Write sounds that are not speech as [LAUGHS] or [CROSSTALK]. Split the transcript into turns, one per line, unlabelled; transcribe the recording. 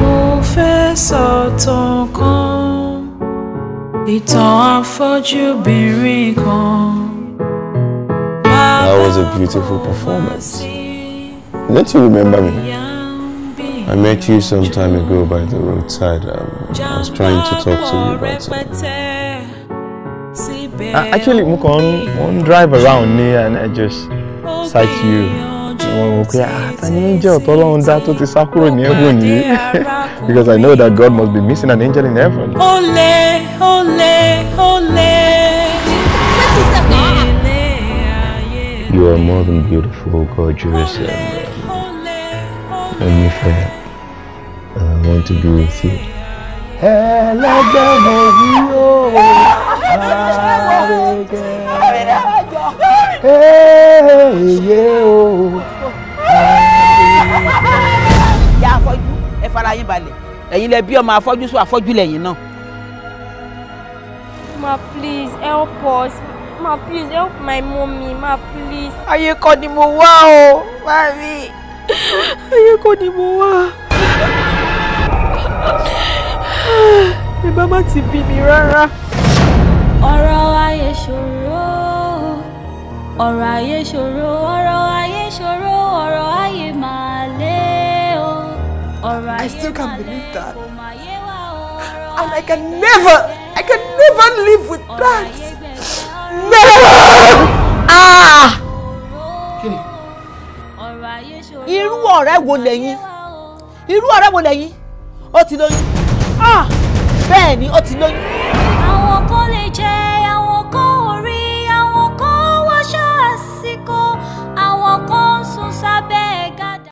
mo fẹ́ sọ̀tàn kan ìtàn afọ́júbìnrin kan. That was a beautiful performance. Don't you remember me? I met you some time ago by the roadside. Um, I was trying to talk to you about something. Uh, actually, Mukon, one drive around me and I just sight you wọ́n wò pé angel tọ́lọ́run dá tó ti sá kúrò ní heaven [LAUGHS] because I know that God must be missing an angel in heaven. olè olè olè. You are more than beautiful, God, Jerusalem. And if I, I want to be with you. ẹlẹgbẹmọ wúlò àrègẹ ẹyẹ o. balẹ̀ ẹ̀yin lẹ bí ọmọ afọ́jú sọ afọ́jú lẹ́yìn náà. ma please help us ma please help my mommy ma please. ayé kọ́ ni mo wá o mami ayé kọ́ ni mo wá. ẹ bá má ti bí mi rárá. ọ̀rọ̀ ayé ṣòro ọ̀rọ̀ ayé ṣòro ọ̀rọ̀ ayé ṣòro ọ̀rọ̀ ayé máa lé. I still can't believe that. Oh And I can never, I can never live with that. Never! Ah! Kí ni? Irú ọ̀rẹ́ wo lẹ́yìn? Irú ọ̀rẹ́ wo lẹ́yìn? Ó ti lóyún. Ah! Bẹ́ẹ̀ ni ó ti lóyún. Àwọn kò lè jẹ́.